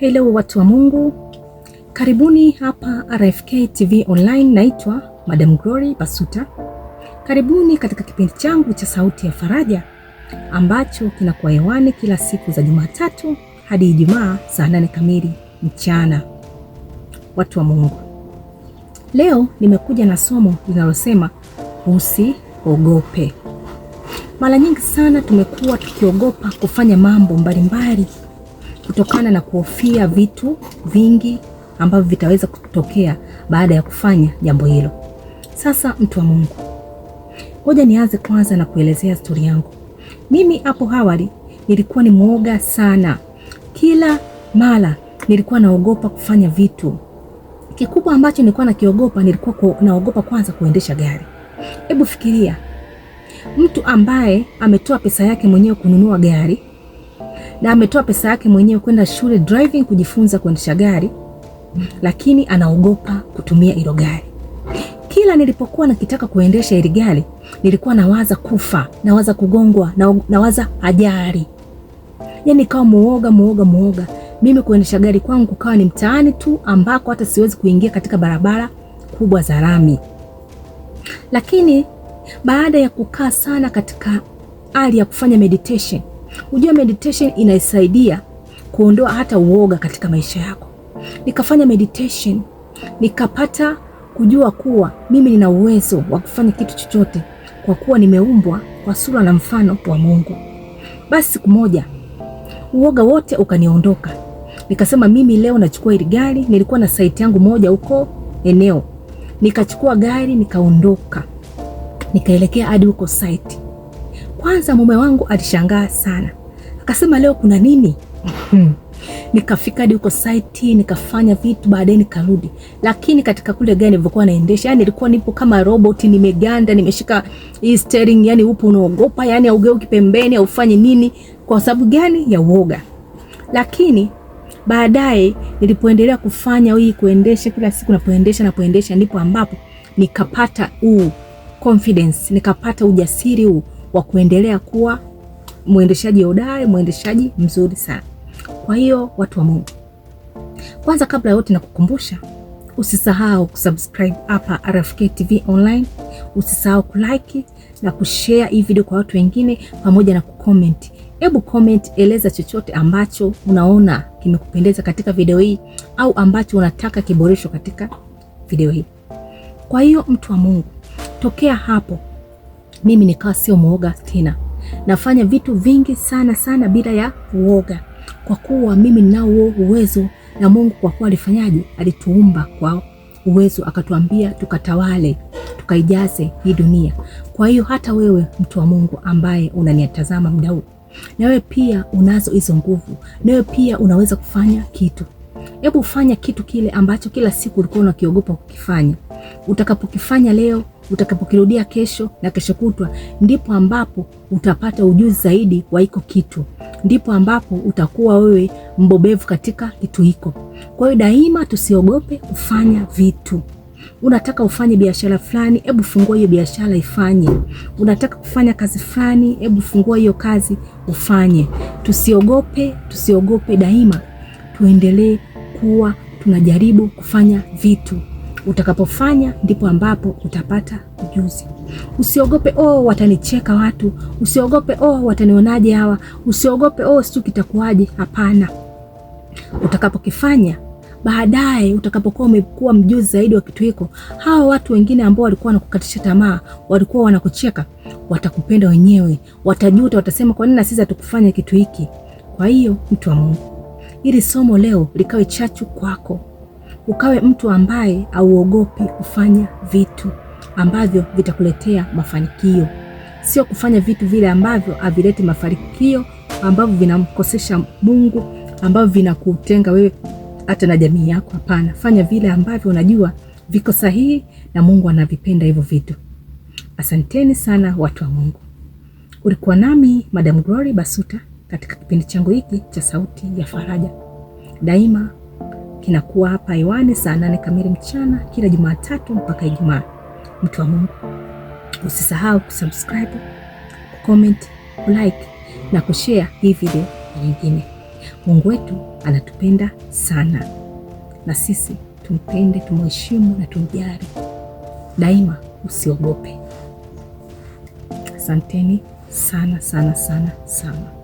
Hello watu wa Mungu, karibuni hapa RFK TV Online. Naitwa Madam Glory Basuta. Karibuni katika kipindi changu cha Sauti ya Faraja ambacho kinakuwa hewani kila siku za Jumatatu hadi Ijumaa saa nane kamili mchana. Watu wa Mungu, leo nimekuja na somo linalosema usiogope. Mara nyingi sana tumekuwa tukiogopa kufanya mambo mbalimbali mbali kutokana na kuhofia vitu vingi ambavyo vitaweza kutokea baada ya kufanya jambo hilo. Sasa mtu wa Mungu, ngoja nianze kwanza na kuelezea stori yangu. Mimi hapo awali nilikuwa ni mwoga sana, kila mara nilikuwa naogopa kufanya vitu. Kikubwa ambacho nilikuwa nakiogopa, nilikuwa naogopa kwanza kuendesha gari. Hebu fikiria mtu ambaye ametoa pesa yake mwenyewe kununua gari na ametoa pesa yake mwenyewe kwenda shule driving kujifunza kuendesha gari, lakini anaogopa kutumia hilo gari. Kila nilipokuwa nakitaka kuendesha hili gari nilikuwa nawaza kufa, nawaza kugongwa, nawaza ajali, yaani kawa muoga muoga muoga. Mimi kuendesha gari kwangu kukawa ni mtaani tu ambako hata siwezi kuingia katika barabara kubwa za lami. Lakini baada ya kukaa sana katika hali ya kufanya meditation Hujua meditation inaisaidia kuondoa hata uoga katika maisha yako. Nikafanya meditation nikapata kujua kuwa mimi nina uwezo wa kufanya kitu chochote kwa kuwa nimeumbwa kwa sura na mfano wa Mungu. Basi siku moja uoga wote ukaniondoka, nikasema mimi leo nachukua hili gari. Nilikuwa na saiti yangu moja huko eneo, nikachukua gari nikaondoka, nikaelekea hadi huko saiti kwanza mume wangu alishangaa sana, akasema leo kuna nini? Hmm. Nikafika hadi huko site nikafanya vitu, baadaye nikarudi, lakini katika kule gari nilivyokuwa naendesha, yani nilikuwa nipo kama robot, nimeganda, nimeshika hii steering, yani upo unaogopa, yani haugeuki pembeni, haufanyi nini. Kwa sababu gani? Ya uoga. Lakini baadaye nilipoendelea kufanya hii kuendesha kila siku, napoendesha kuendesha, ndipo ambapo nikapata huu confidence, nikapata ujasiri huu kwa kuendelea kuwa mwendeshaji hodari, mwendeshaji mzuri sana. Kwa hiyo watu wa Mungu, kwanza kabla ya yote nakukumbusha usisahau kusubscribe hapa RFK TV online, usisahau kulike na kushare hii video kwa watu wengine, pamoja na kucomment. Hebu comment, eleza chochote ambacho unaona kimekupendeza katika video hii au ambacho unataka kiboreshwa katika video hii. Kwa hiyo mtu wa Mungu, tokea hapo mimi nikawa sio mwoga tena, nafanya vitu vingi sana sana bila ya uoga, kwa kuwa mimi ninao uwezo na Mungu, kwa kuwa alifanyaje, alituumba kwa uwezo akatuambia tukatawale tukaijaze hii dunia. Kwa hiyo hata wewe mtu wa Mungu ambaye unaniatazama muda huu, na wewe pia unazo hizo nguvu, na wewe pia unaweza kufanya kitu. Hebu fanya kitu kile ambacho kila siku ulikuwa unakiogopa kukifanya, utakapokifanya leo, utakapokirudia kesho na kesho kutwa, ndipo ambapo utapata ujuzi zaidi wa hiko kitu, ndipo ambapo utakuwa wewe mbobevu katika kitu hiko. Kwa hiyo daima tusiogope kufanya vitu. Unataka ufanye biashara fulani, hebu fungua hiyo biashara ifanye. Unataka kufanya kazi fulani, hebu fungua hiyo kazi ufanye. Tusiogope, tusiogope, daima tuendelee kuwa tunajaribu kufanya vitu. Utakapofanya ndipo ambapo utapata ujuzi. Usiogope oh, watanicheka watu. Usiogope oh, watanionaje hawa. Usiogope oh, sijui kitakuwaje. Hapana, utakapokifanya baadaye utakapokuwa umekuwa mjuzi zaidi wa kitu hiko, hawa watu wengine ambao walikuwa wanakukatisha tamaa, walikuwa wanakucheka, watakupenda wenyewe, watajuta, watasema kwa nini na sisi hatukufanya kitu hiki? Kwa hiyo mtu wa Mungu, ili somo leo likawe chachu kwako, ukawe mtu ambaye auogopi kufanya vitu ambavyo vitakuletea mafanikio, sio kufanya vitu vile ambavyo havileti mafanikio, ambavyo vinamkosesha Mungu, ambavyo vinakutenga wewe hata na jamii yako. Hapana, fanya vile ambavyo unajua viko sahihi na Mungu anavipenda hivyo vitu. Asanteni sana watu wa Mungu. Ulikuwa nami Madam Glory Basuta katika kipindi changu hiki cha Sauti ya Faraja. Daima kinakuwa hapa hewani saa nane kamili mchana kila Jumatatu mpaka Ijumaa. Mtu wa Mungu, usisahau kusubscribe, comment, kulike na kushare hii video nyingine. Mungu wetu anatupenda sana, na sisi tumpende, tumheshimu na tumjali daima. Usiogope. Asanteni sana sana sana sana.